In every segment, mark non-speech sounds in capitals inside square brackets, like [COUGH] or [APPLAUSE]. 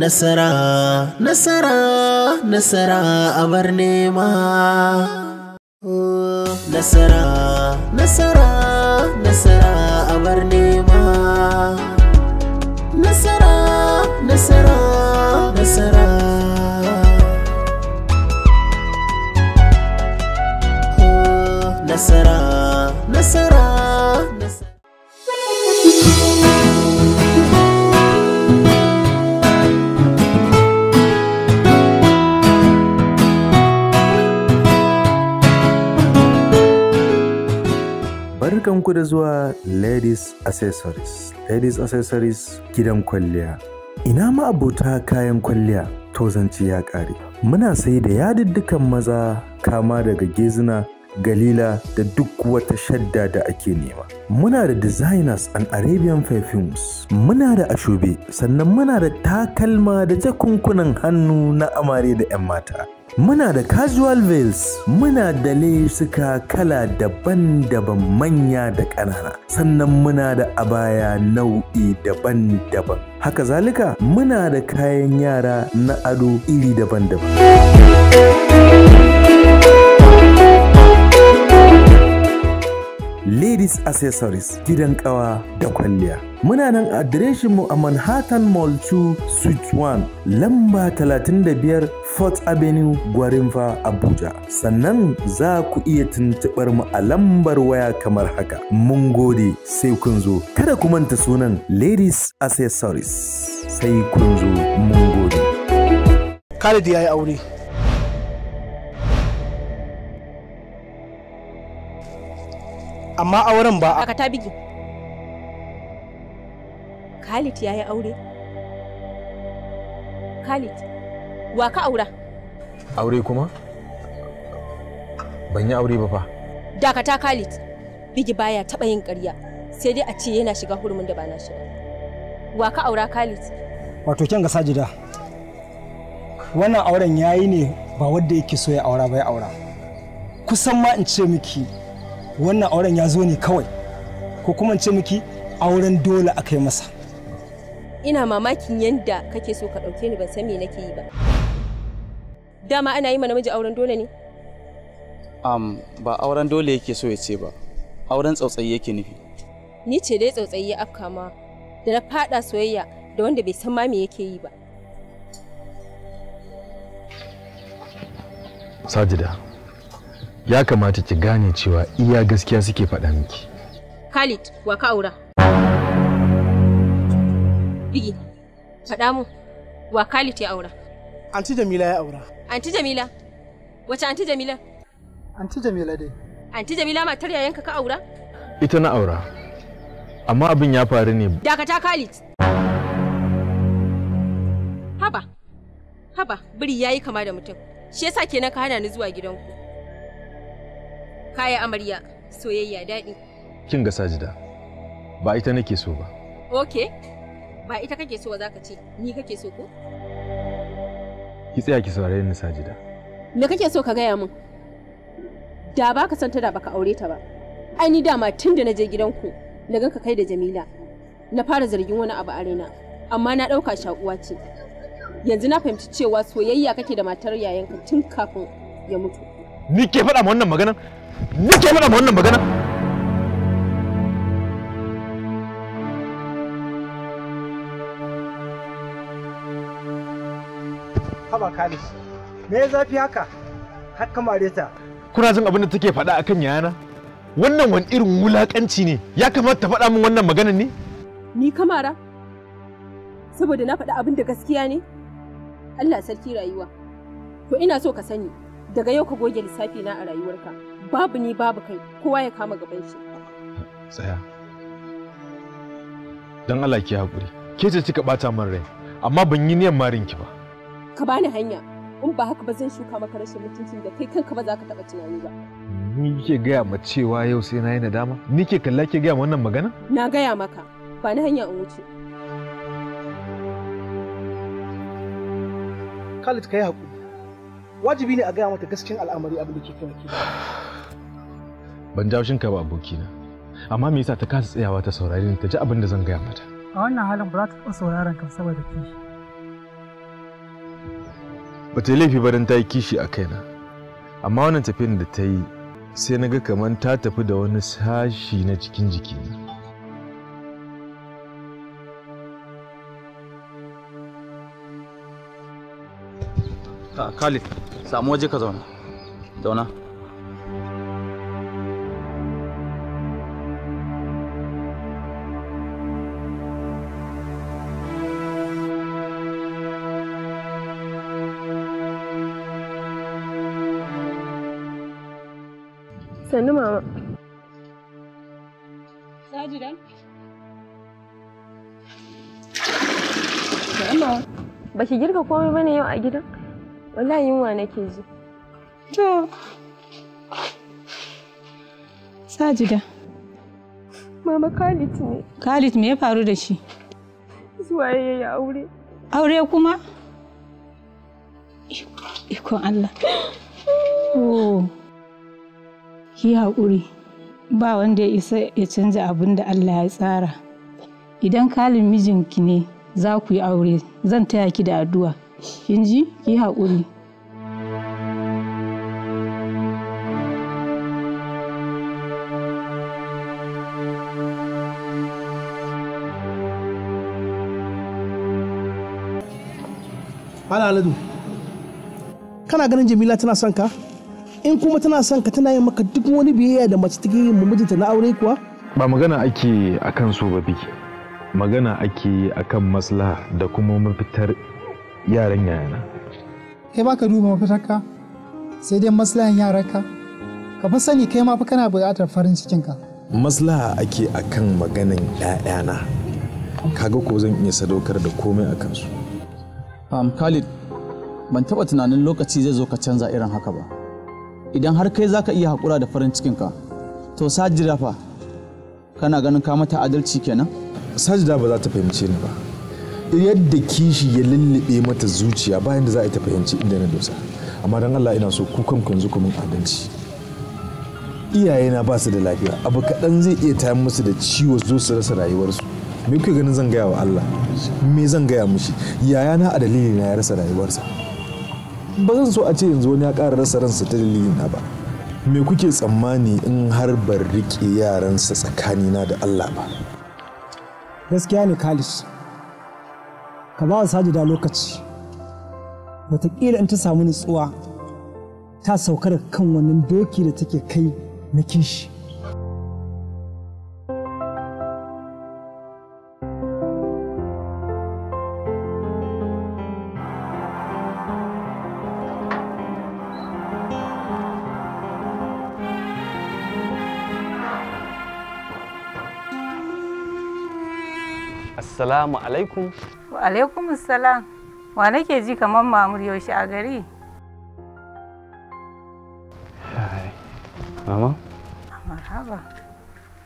Oh, nasara nasara nasara a bar nema nasara nasara nasara a bar nema nasara nasara nasara nasara nasara ku da zuwa Ladies Accessories. Ladies Accessories gidan kwalliya. Ina ma abota kayan kwalliya to zance ya ƙare. Muna sai da yadiddukan maza kama daga gezina, galila da duk wata shadda da ake nema. Muna da designers and Arabian perfumes. Muna da ashobe sannan muna da takalma da jakunkunan hannu na amare da 'yan mata. Muna da casual veils, muna da lesuka kala daban-daban manya da ƙanana, sannan muna da abaya nau'i daban-daban. Haka zalika muna da kayan yara na ado iri daban-daban. ladies accessories gidan kawa da kwalliya muna nan adireshin mu a manhattan mall 2 suite 1 lamba 35 fort avenue gwarinfa abuja sannan za ku iya tuntuɓar mu a lambar waya kamar haka mun gode sai kun zo kada ku manta sunan ladies accessories sai kun zo mun gode Khalid ya yi aure amma auren ba a ta bigi Khalid ya yi aure Khalid wa ka aura aure kuma ban yi aure ba fa dakata Khalid bigi baya taba yin ƙarya sai dai a ce yana shiga hurumin da ba na shiga wa ka aura Khalid wato kyan ga sajida wannan auren yayi ne ba wanda yake so ya aura ba ya aura kusan ma in ce miki wannan auren ya zo ne kawai ko kuma ce miki auren dole aka yi masa ina mamakin yadda kake so ka ɗauke ni ban san me nake yi ba dama ana yi ma namiji auren dole ne um, ba auren dole yake so ya ce ba auren tsautsayi yake nufi ni ce dai tsautsayi ya afka ma da na fada soyayya da wanda bai san ma me yake yi ba sajida ya kamata ki gane cewa iya gaskiya suke faɗa miki. Khalid, wa ka aura? Bigi, faɗa mu, wa Khalid ya aura? Anti Jamila ya aura. Anti Jamila? Wace Anti Jamila? Anti Jamila dai. Anti Jamila matar yayanka ka aura? Ita na aura. Amma abin ya faru ne. Dakata Khalid. Haba, haba, biri yayi kama da mutum. Shi yasa kenan ka hana ni zuwa gidanku. Kaya amarya, soyayya daɗi. Kin ga sajida, ba ita nake so ba. Okay. ba ita kake so za ka ce, ni kake so ko? Ki tsaya ki saurare ni sajida. Me kake so ka gaya min? Da ba ka san ta da baka aure ta ba. Ai ni dama tun da na je gidanku, na ganka kai da Jamila. Na fara zargin wani abu a raina, amma na ɗauka shakuwa ce. Yanzu na fahimci cewa soyayya kake da matar yayanka tun kafin ya mutu. Ni ke faɗa ma wannan maganar. nake mana wannan magana haba kali me ya zafi haka har kamare ta kuna jin abin da take faɗa akan yana wannan wani irin wulakanci ne ya kamata ta faɗa min wannan maganan ne ni kamara saboda na faɗa abin da gaskiya ne Allah sarki rayuwa to ina so ka sani daga yau ka goge lissafi na a rayuwarka babu ni babu kai kowa ya kama gaban shi tsaya dan Allah ki hakuri ke ce kika bata min rai amma ban yi niyan marin ki ba ka bani hanya in ba haka ba zan shuka maka rashin mutuncin da kai kanka ba za ka taba tunani ba ni ke gaya ma cewa yau sai na yi nadama ni ke kalla ke gaya wannan magana na gaya maka ba ni hanya in wuce Khalid ka yi haƙuri wajibi ne a gaya mata gaskiyar al'amari abin da ke kai ban jawo shinka ba abokina amma me yasa ta kasa tsayawa ta saurare ni ta ji abin da zan gaya mata a wannan halin ba za ta taɓa sauraron ka saboda kishi ba ta yi laifi barin ta yi kishi a kaina amma wannan tafiyar da ta yi sai na ga kamar ta tafi da wani sashi na cikin jikina Khalid, samu waje ka zauna. Zauna. Na'am. Ba ki girka komai bane yau a gidan? Wallahi yunwa nake ji. To. Sajida. Mama Khalid ne. Khalid me ya faru da shi? Zuwa ya yi aure. Aure kuma? Iko Allah. Oh. Ki haƙuri. Ba wanda ya isa ya canza abin da Allah ya tsara. Idan kalin mijinki ne, za ku yi aure zan taya ki da addu'a kin ji ki haƙuri Mala Aladu, kana ganin Jamila tana son ka? In kuma tana son ka tana yin maka duk wani biyayya da mace take yin mijinta na aure kuwa? Ba magana ake akan so ba biki. magana ake yi a kan maslaha da kuma mafitar yaran yayana kai ka duba mafitarka sai dai maslahan yaranka ka fi sani kai ma fi kana buƙatar farin cikinka maslaha ake a kan maganan ‘ya'yana kaga ko zan iya sadaukar da komai a kansu Khalid ban taɓa tunanin lokaci zai zo ka canza irin haka ba idan har kai za ka iya haƙura da farin cikinka to sa fa kana ganin ka mata adalci kenan sajida ba za ta fahimce ni ba yadda kishi ya lullube mata zuciya bayan da za a ta fahimci inda na dosa amma dan allah ina so ku kanku yanzu ku min adalci na ba su da lafiya abu kadan zai iya tayar musu da ciwo zo su rasa rayuwarsu me kuke ganin zan gaya wa allah me zan gaya mushi yayana a dalilina ya rasa rayuwarsa ba zan so a ce yanzu wani ya ƙara rasa ransa ta dalilina ba me kuke tsammani in har ban riƙe yaransa tsakanina da Allah ba gaskiya ne kalis ka ba wa sajida lokaci wataƙila in ta samu nutsuwa ta sauka kan wannan doki da take kai na kishi Assalamu alaikum. Wa alaikum assalam. Wa nake ji kamar mamur yaushe a gari? Mama? Marhaba.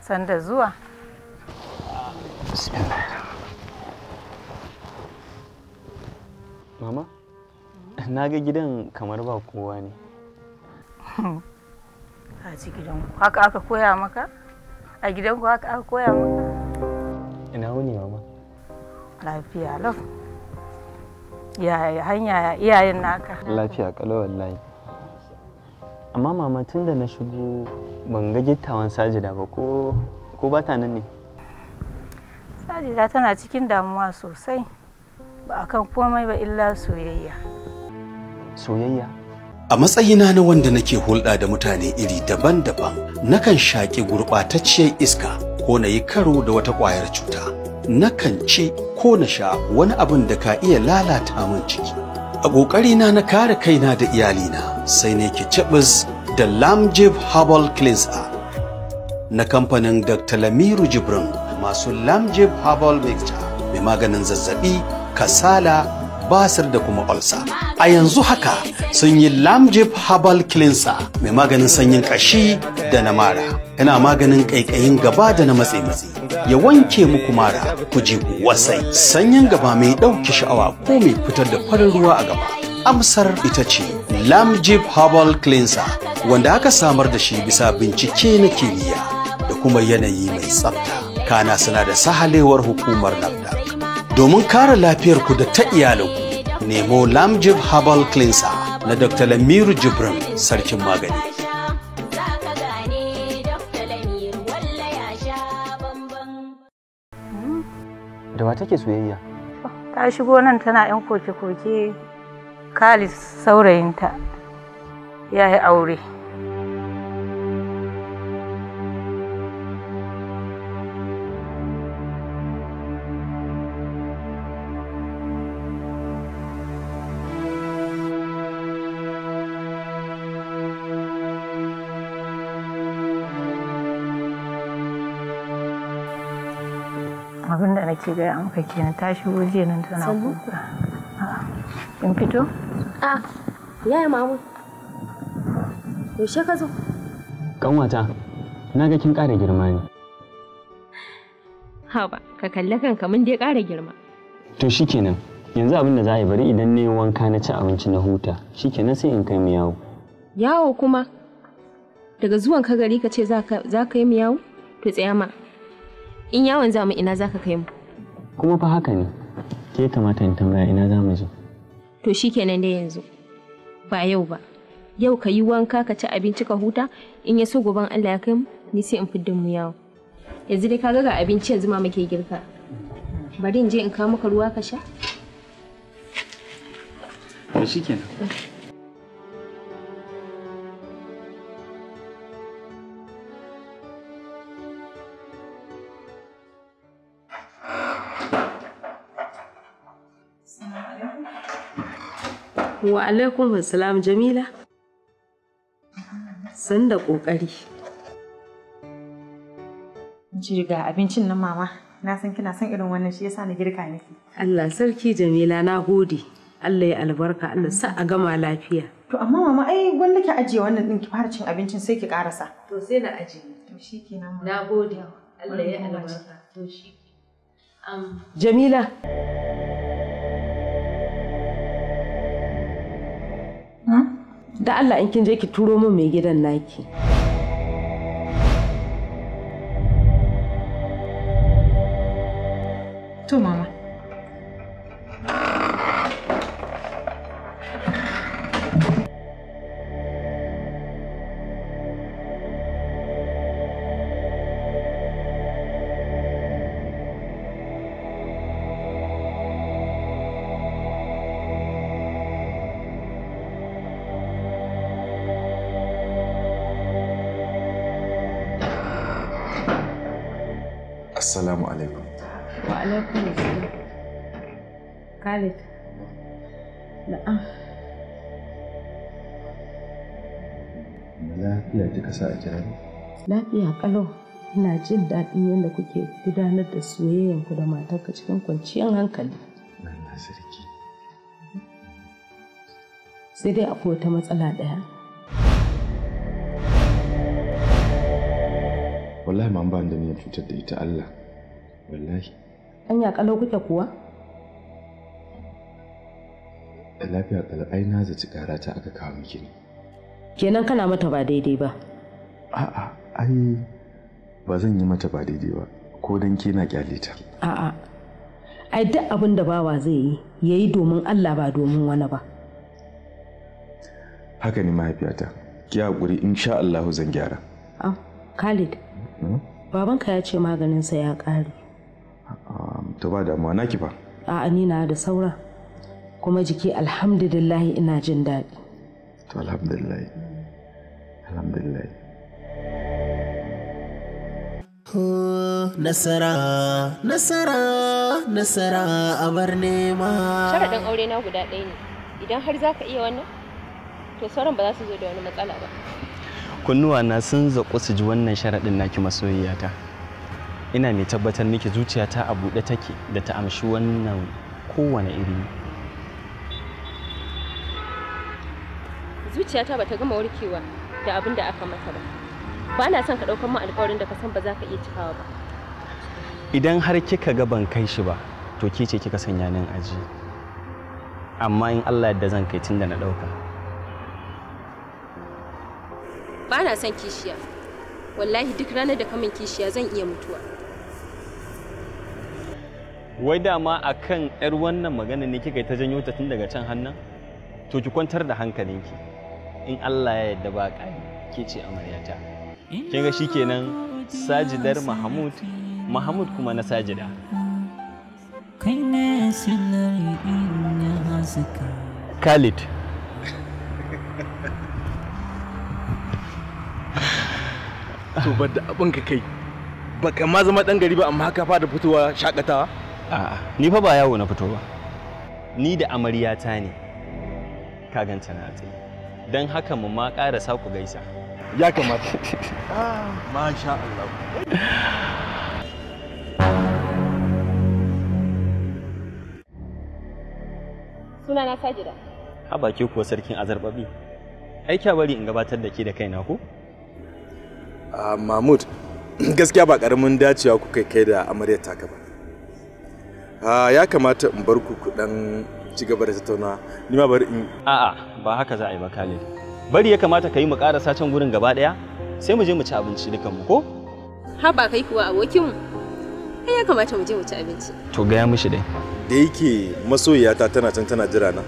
San da zuwa. Mama, na ga gidan kamar ba kowa ne. [LAUGHS] A ci gidanku, haka aka koya maka? A gidanku haka aka koya maka? Ina wuni, mama. lafiya lau hanya iyayen naka lafiya kalau wallahi amma mama tun da na shigo ban ga gittawan sajida ba ko ko ba ta nan ne sajida tana cikin damuwa sosai ba akan komai ba illa soyayya soyayya a matsayina na wanda nake hulɗa da mutane iri daban-daban nakan shaƙi gurɓatacciyar iska ko na yi karo da wata ƙwayar cuta nakan ci ko na sha wani abin da ka iya lalata min ciki a ƙoƙarina na kare kaina da iyalina sai ne ki cibis da lamjib herbal cleanser na kamfanin dr lamiru jibrin masu lamjib herbal mixture mai maganin zazzabi kasala basir da kuma olsa a yanzu haka sun yi lamjib herbal cleanser mai maganin sanyin kashi da na mara Ina maganin ƙaiƙayin gaba da na matse matse ya wanke muku mara ku ji ku wasai sanyin gaba mai ɗauki sha'awa ko mai fitar da farin ruwa a gaba amsar ita ce lamjib herbal cleanser wanda aka samar da shi bisa bincike na kimiyya da kuma yanayi mai tsafta kana suna da sahalewar hukumar nafda domin kare lafiyarku da ta iyalanku nemo lamjib herbal cleanser na dr lamiru jibrin sarkin magani da wa ke soyayya ta shigo nan tana yan koke-koke khalid saurayinta ya yi aure abin da nake gaya maka kenan tashi shigo jiya nan tana kuka in fito a yaya mamu yaushe ka zo kanwata na ga kin ƙara girma ne haba ka kalli kanka mun dai ƙara girma to shikenan yanzu abin da za a yi bari idan ne wanka na ci abinci na huta shikenan sai in kai mu yawo yawo kuma daga zuwan ka gari ka ce za ka yi mu yawo to tsaya ma in yawon zamu ina zaka kai mu kuma fa haka ne ke kamata in tambaya ina za mu je to shi shikenan da yanzu ba yau ba yau ka yi wanka ka ci abinci ka huta in ya so goban Allah ya kai mu ni sai in fidda mu yawo yanzu dai ka ga abinci yanzu ma muke girka bari in je in kawo maka ruwa ka sha to kenan. Wa alaikum salam Jamila. San da ƙoƙari. Jirga abincin nan mama, na san kina son irin wannan shi yasa na girka miki. Allah sarki Jamila na gode. Allah ya albarka Allah sa a gama lafiya. To amma mama ai wanda ki ajiye wannan din ki fara cin abincin sai ki karasa. To sai na ajiye. To shikenan. Na gode. Allah ya albarka. To shi. Jamila. da Allah in kin je ki turo min mai gidan naki to mama Khalid. Na'am. Ah. Lafiya kika sa a kira Lafiya kalau ina jin daɗin yadda kuke gudanar da soyayyanku da matarka cikin kwanciyar hankali. Allah sarki. Sai dai akwai wata matsala ɗaya. Wallahi ma ban da niyyar cutar da ita Allah. Wallahi. Anya kalau kuke kuwa? da lafiya ƙal'ai na zaci ƙara ta aka kawo miki ne kenan kana mata ba daidai ba a'a ai ba zan yi mata ba daidai ba ko dan kina kyale ta a'a ai duk abin da bawa zai yi ya yi domin Allah ba domin wani ba haka ne mahaifiyata ki haƙuri insha Allahu zan gyara a ah, Khalid hmm? babanka ya ce maganinsa ya ƙare to ba damuwa ki ba a'a ni na da saura kuma jiki alhamdulillahi ina jin daɗi to alhamdulillahi alhamdulillahi nasara nasara nasara a bar nema sharaɗin aure na guda ɗaya ne idan har za ka iya wannan to sauran ba za su zo da wani matsala ba kunnuwa na sun zaƙo su ji wannan sharaɗin naki masoyiyata ina mai tabbatar miki zuciyata a buɗe take da ta amshi wannan kowane iri zuciyata bata gama warkewa da abin da aka mata ba ba na son ka ɗaukar mu alƙawarin da ka san ba za ka iya cikawa ba idan har kika ga ban kai shi ba to ke ce kika sanya nan aji amma in Allah yadda zan kai tun da na ɗauka ba na son kishiya wallahi duk ranar da kamun kishiya zan iya mutuwa wai dama a kan 'yar wannan magana ne kika yi ta janyo ta tun daga can hannun to ki kwantar da hankalinki in Allah ya yarda ba ƙari ke ce amaryata kin ga shikenan sajidar mahmud mahmud kuma na sajida khalid to ba da abin ka kai baka ma zama dan gari ba amma ka fada fitowa shakatawa a'a ni fa ba yawo na fito ba ni da amaryata ne ka ganta na tsaye don haka mu ma sa ku gaisa ya kamata masha Allah suna na sajida a baki kuwa sarkin azarbabi ai kya bari in gabatar da ke da kaina ko ah, mahmud gaskiya ba karamin dacewa kuka kai da amaryar taka ba ah, ya kamata in bar ku kudan ci gaba da tattauna ni ma bari in a'a ba haka za a yi ba Khalid bari ya kamata ka yi mu karasa can gurin gaba daya sai mu je mu ci abinci dukan mu ko ha ba kai kuwa abokin mu ya kamata mu je mu ci abinci to gaya mishi dai da yake masoyiyata tana can tana jira na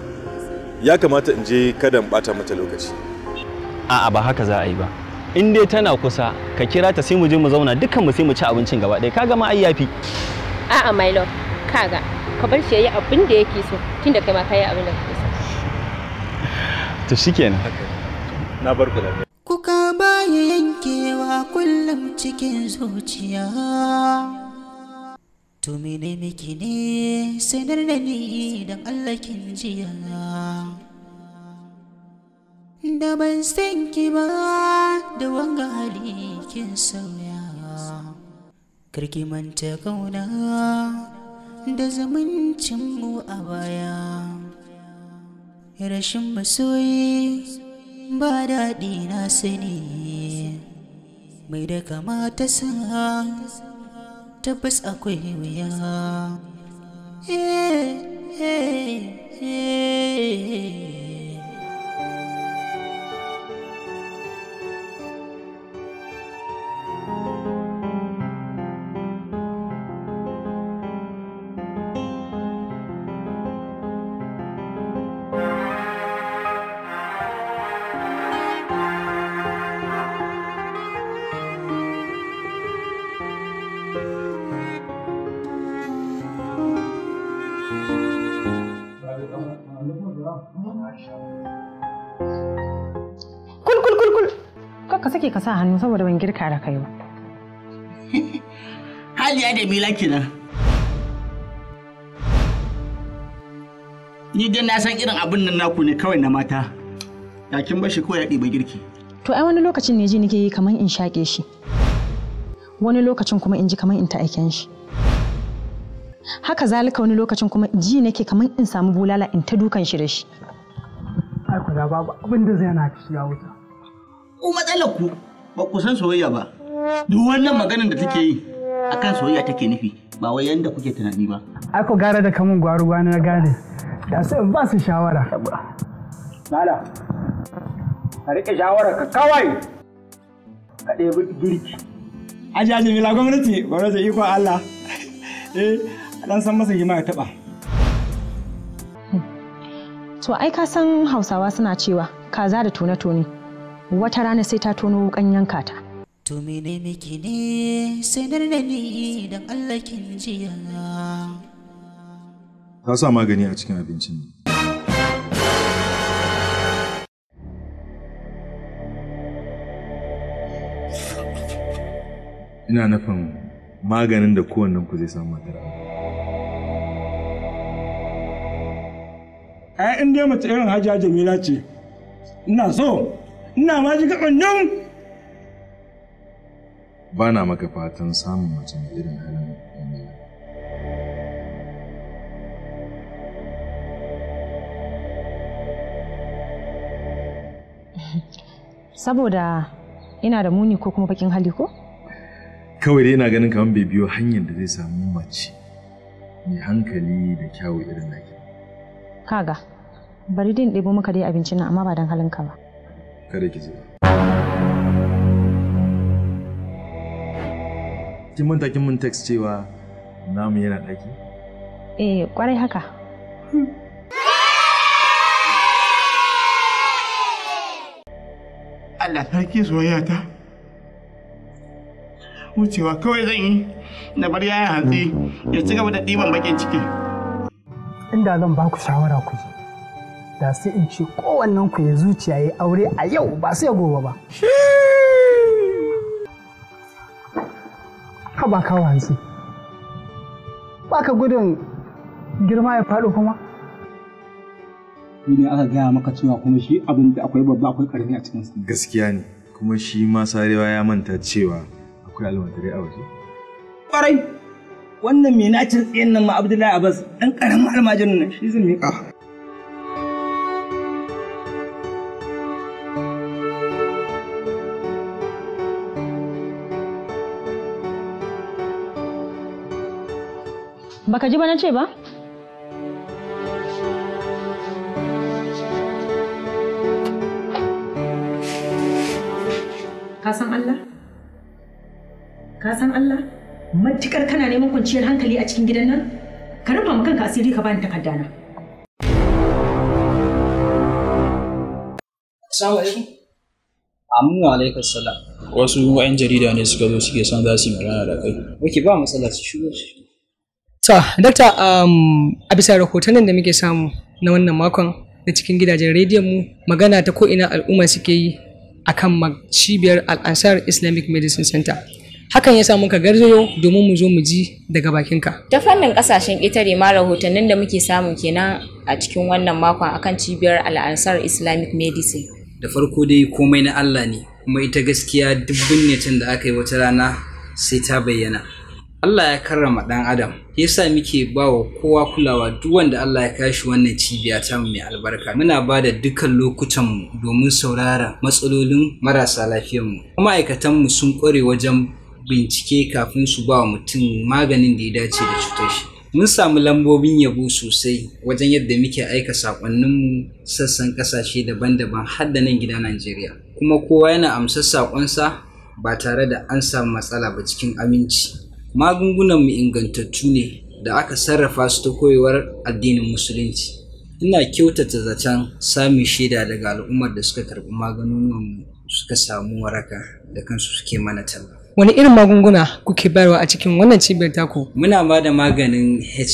ya kamata in je kada in bata mata lokaci a'a ba haka za a yi ba in dai tana kusa ka kira ta sai mu je mu zauna dukan mu sai mu ci abincin gaba daya kaga ma ai yafi a'a my love kaga ka bar shi ya yi abin da yake so da kai ma ka yi abin da kake so to shikenan na bar ku lafiya kuka baya yankewa kullum cikin zuciya to mene miki ne sanar da ni don Allah kin jiya da ban san ki ba da wanga hali kin sauya Kirki manta kauna da zumuncinmu a baya rashin masoyi ba daɗi na sani mai da kamata sa tabbas akwai wuya hey, eh, eh, hey, eh. hey. sake ka sa hannu saboda ban girka da kai ba. [LAUGHS] Haliya da Mila kenan. Ni dai na san irin abin nan naku ne kawai na mata. Ya kin bashi kawai ya ɗiba girki. To ai wani lokacin ne ji nake yi kamar in shaƙe shi. Wani lokacin kuma in ji kamar in ta aiken shi. Haka zalika wani lokacin kuma ji nake kamar in samu bulala in ta dukan shi da shi. Ai ku babu abin da zai na ci ya wuta. ko matsalar ku ba ku san soyayya ba duk wannan maganar da take yi akan soyayya take nufi ba wai yanda kuke tunani ba ai ko gara da kamun gwaru ba na gane da sai in ba su shawara mala ka rike shawara ka kawai ka ɗebi girki aji aji mila gwamnati gwamnati ko Allah [LAUGHS] eh dan san masa gima ya taba to ai ka san Hausawa suna cewa kaza da tone-tone wata rana sai ta tono wukan yanka ta to mene miki ne sanar da ni idan Allah kin jiya ka sa magani a cikin abincin ina nufin maganin da kowannen ku zai samu matar ai in dai mace irin hajja jamila ce ina so ina ma ji gaban nan ba na maka fatan samun mutum irin halin Jamila. Saboda ina da muni ko kuma bakin hali ko? Kawai dai ina ganin kamar bai biyo hanyar da zai samu mace mai hankali da kyawu irin naki. Kaga, bari din ɗebo maka dai abincin nan amma ba don halinka ba. kada ki zuba kin manta kin mun text cewa namu yana daki eh kwarai haka Allah sarki soyayya ta wucewa kawai zan yi na bar yaya hatsi ya ci gaba da ɗiban bakin ciki. Inda zan ba ku shawara ku je. da sai in ce kowannen ku ya zuciya ya aure a yau ba sai gobe ba ka ba ka wanzu. ba ka gudun girma ya faɗo kuma Ni aka gaya maka cewa kuma shi abin da akwai babba akwai karfi a cikinsa gaskiya ne kuma shi ma sarewa ya manta cewa akwai almantare a waje kwarai wannan mai nacin tsayin nan ma abdullahi abbas ɗan ƙaramin almajirin nan shi zai miƙa Baka ji ba na ce ba? Ka san Allah? Kasan Allah? Matukar kana neman kwanciyar hankali a cikin gidan nan? Ka rufa ma kanka asiri ka bani na. Assalamu alaikum. Aminu alaikar salam. Wasu 'yan jarida ne suka zo suke son za su yi magana da kai. Wake ba matsala su shigo su shigo. So, Dokta, um, a bisa rahotannin da muke samu na wannan makon na cikin gidajen rediyon mu magana ta ko'ina al'umma suke yi a kan cibiyar al'asar Islamic Medicine Center. Hakan ya samu ka garzayo domin mu zo mu ji daga bakinka. Ta fannin kasashen ƙetare ma rahotannin da muke samu kenan a cikin wannan makon akan cibiyar Al'ansar Islamic Medicine. Da farko dai komai na Allah ne, kuma ita gaskiya dubbin binne da aka yi wata rana sai ta bayyana. Allah ya karrama ɗan adam yasa muke ba wa kowa kulawa duk wanda Allah ya kashi wannan cibiya ta mai albarka muna ba da dukkan mu domin saurara matsalolin marasa lafiyar mu. aikatan mu sun kware wajen bincike kafin su ba wa mutum maganin da ya dace da cutar shi mun samu lambobin yabo sosai wajen yadda muke aika sakonnin mu sassan ƙasashe daban-daban har da nan gida Najeriya kuma kowa yana amsar sakonsa ba tare da an samu matsala ba cikin aminci magungunan mu ingantattu ne da aka sarrafa su ta koyewar addinin musulunci ina kyautata zaton samun shaida daga al'ummar da suka karɓi maganunan suka samu waraka da kansu suke mana talla wani irin magunguna kuke bayarwa a cikin wannan cibiyar taku muna ba da maganin hiv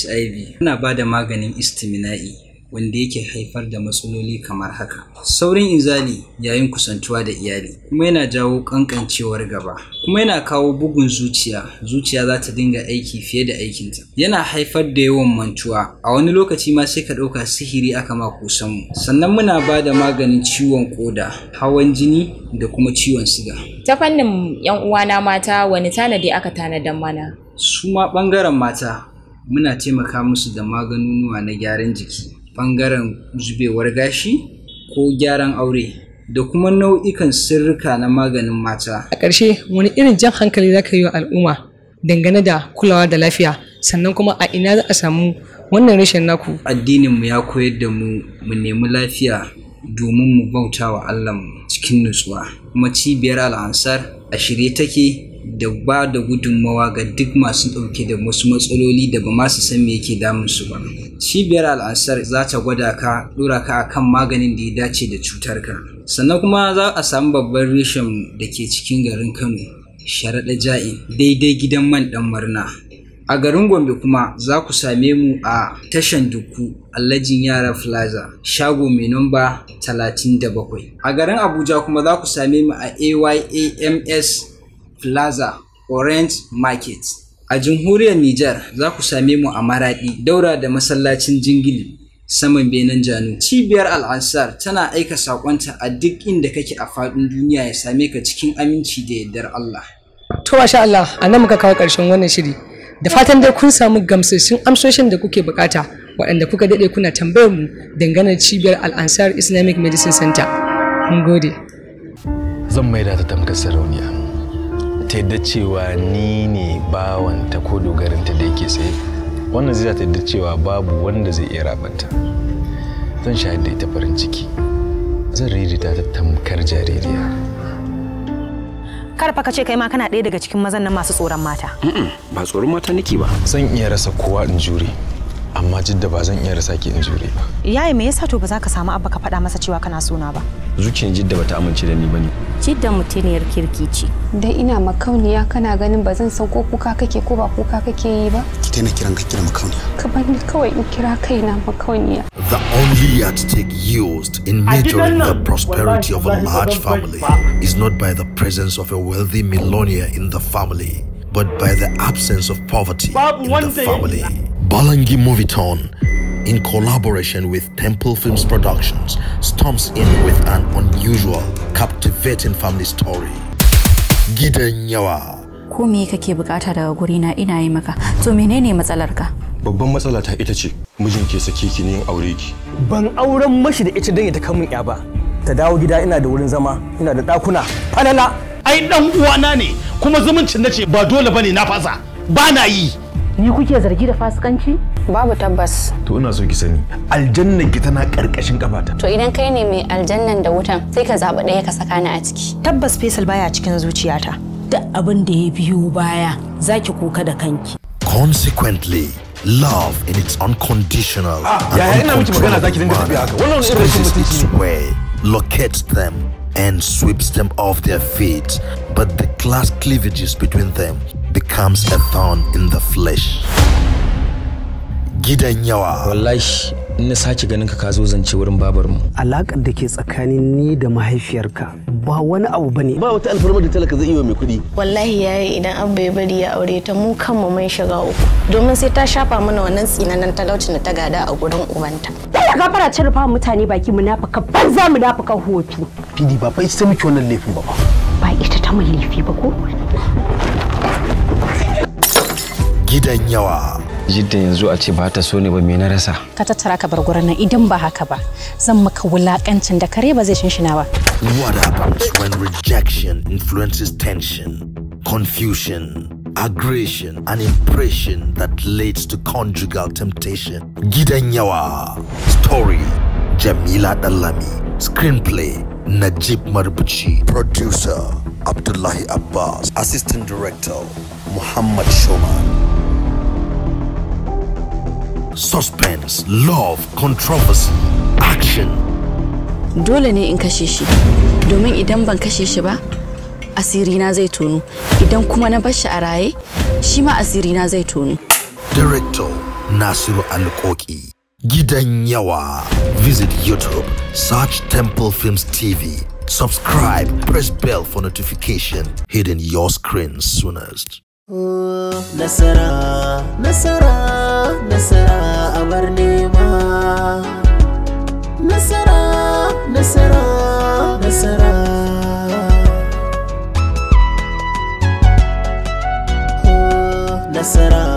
muna ba da maganin istimina'i wanda yake haifar da matsaloli kamar haka saurin inzali yayin kusantuwa da iyali kuma yana jawo kankancewar gaba kuma yana kawo bugun zuciya zuciya za ta dinga aiki fiye da aikinta yana haifar da yawan mantuwa a wani lokaci ma sai ka ɗauka sihiri aka ma kusan mu sannan muna ba da maganin ciwon koda hawan jini da kuma ciwon siga ta fannin yan uwana mata wani tanadi aka tanadan mana su ma ɓangaren mata muna taimaka musu da maganunuwa na gyaran jiki ɓangaren zubewar gashi ko gyaran aure da kuma nau'ikan sirrika na maganin mata. A ƙarshe wani irin jan hankali za ka yi wa al'umma dangane da kulawa da lafiya sannan kuma a ina za a samu wannan rashin naku. Addininmu ya koyar da mu mu nemi lafiya domin mu bauta wa Allah cikin nutsuwa. Kuma cibiyar al'ansar a shirye take da ba da gudunmawa ga duk masu ɗauke da wasu matsaloli da ba masu san me yake damun su ba. Cibiyar al'asar za ta gwada ka ɗora ka kan maganin da ya dace da cutar ka. Sannan kuma za a samu babban reshen da ke cikin garin Kano, sharaɗa ja'i daidai gidan man ɗan murna. A garin Gombe kuma za ku same mu a tashan Dukku Allajin Yara Plaza, shago mai namba bakwai. A garin Abuja kuma za ku same mu a AYAMS plaza orange market a jamhuriyar Nijar, za ku same mu a Maraɗi daura da masallacin jingili saman benin janu cibiyar al'ansar tana aika sakonta a duk inda kake a faɗin duniya ya same ka cikin aminci da yardar allah to masha allah a nan muka kawo ƙarshen wannan shiri da fatan dai kun samu gamsassun amsoshin da kuke bukata waɗanda kuka daɗe kuna tambayar mu dangane cibiyar al'ansar islamic medicine center mun gode zan maida ta tamkar sarauniya ta yadda cewa ni ne bawanta ko dogarinta da yake tsaye wannan zai ta yadda cewa babu wanda zai iya rabanta zan shahada ita farin ciki zan ririta ta tamkar jaririya kar fa ka ce kai ma kana ɗaya daga cikin mazan nan masu tsoron mata ba tsoron mata niki ba zan iya rasa kowa in jure amma jidda ba zan iya rasa ki in jure ba yayi me yasa to ba za ka samu abba ka faɗa masa cewa kana sona ba zuciyar jidda bata amince da ni bane jidda mutuniyar kirki ce da ina makauniya kana ganin ba zan san ko kuka kake ko ba kuka kake yi ba ki taina kiran ka kira makauniya ka bani kawai in kira kaina makauniya the only yard to take used in measuring the prosperity of a large family is not by the presence of a wealthy millionaire in the family but by the absence of poverty in the family Balangi Moviton, in collaboration with Temple Films Productions, stomps in with an unusual, captivating family story. Gidan yawa. Ko me kake bukata daga guri na ina yi maka? To menene matsalarka? Babban matsala ta ita ce mijin ke sake ki ne aure ki. Ban auren mashi da ita dan ya ta kamun ya ba. Ta dawo gida ina da wurin zama, ina da dakuna. Falala. Ai dan uwana ne, kuma zumuncin nace ba dole bane na fasa. Ba na yi. ni kuke zargi da fasikanci? Babu tabbas. To ina so ki sani, aljannan ki tana karkashin kafata. To idan kai ne mai aljannan da wutan, sai ka zaɓi ɗaya ka saka ni a ciki. Tabbas Faisal baya cikin zuciyata. Duk abin da ya biyo baya, zaki kuka da kanki. Consequently, love in its unconditional ah, and uncontrollable its way, locates them and sweeps them off their feet. But the class cleavages between them becomes a thorn in the flesh. Gidan yawa. Wallahi na sake ganin ka zo zance wurin babarmu. Alaƙar da ke tsakanin ni da mahaifiyarka ba wani abu ba ne. Ba wata alfarma da talaka zai iya mai kuɗi. Wallahi yi idan an bai bari ya aure ta mu kanmu mun shiga uku. Domin sai ta shafa mana wannan tsinanan talaucin da ta gada a gurin ubanta. Dala gafara ce rufa mutane baki munafuka banza kan hofi. Fidi ba fa ita ta miki wannan laifin ba ba. Ba ita ta mai laifi ba ko? gidan yawa. Jidda yanzu a ce ba ta so ne ba me na rasa. Ka tattara ka bar gurin nan idan ba haka ba zan maka wulaƙancin da kare ba zai shinshina ba. What happens when rejection influences tension, confusion, aggression and impression that leads to conjugal temptation? Gidan yawa. Story Jamila Dalami. Screenplay Najib Marbuchi. Producer Abdullahi Abbas. Assistant Director Muhammad Shoman. suspense, love, controversy, action. Dole ne in kashe shi, domin idan ban kashe shi ba, asirina zai tonu. Idan kuma na bar shi a raye, shi ma asirina zai tonu. Director Nasiru Alkoki, Gidan Yawa. Visit YouTube, search Temple Films TV. Subscribe, press bell for notification, hidden your screen soonest. Nasara, nasara, nasara abar bar nema Nasara, nasara, nasara Nasara